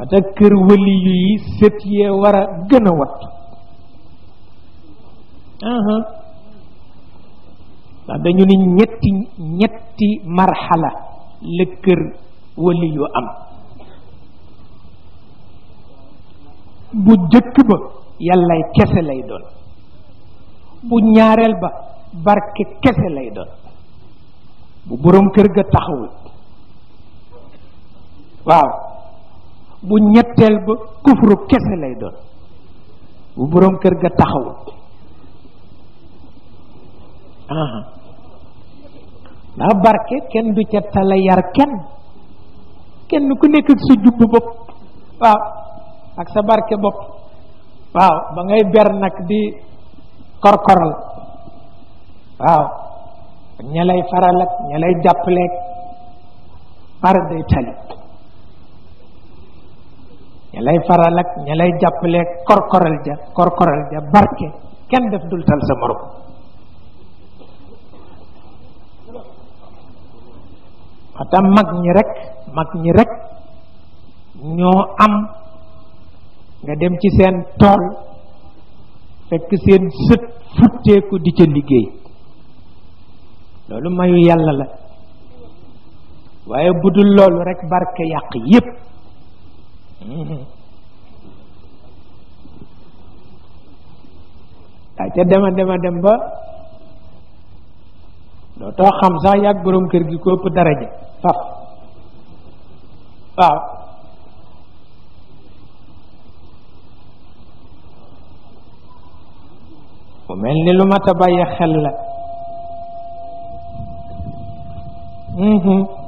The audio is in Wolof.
ma tax kër wëli yi sët yee war a gën a wat ndax dañu ni ñetti ñetti marxala la kër wëli yu am bu jëkk ba yàllay kese lay doon bu ñaareel ba barke kese lay doon bu boroom kër ga taxawul waaw bu ñettel ba kufru kesse lay doon bu borom kër ga taxaw aha ndax barke kenn du ca tala yar kenn kenn ku nekk ak sa jubb bopp waaw ak sa barke bopp waaw ba ngay ber nag di koral waaw ñalay faralak ñalay ak jàppaleeg par day tali ñalay lay faral ak ñalay lay kor koral ja koral ja barke kenn def dul tal sa morom ata mag ñi rek mag ñi rek ñoo am nga dem ci sen tol fekk seen sët ko di ci liggéey lolu mayu yalla, la waye budul lolu rek barke yaq yépp waaye ca dema dema dem ba dootoo xam sax yàgg boroom kër gi ko daraja faf waaw mu mel ni lu mat a bàyyi xel la mm-hmm.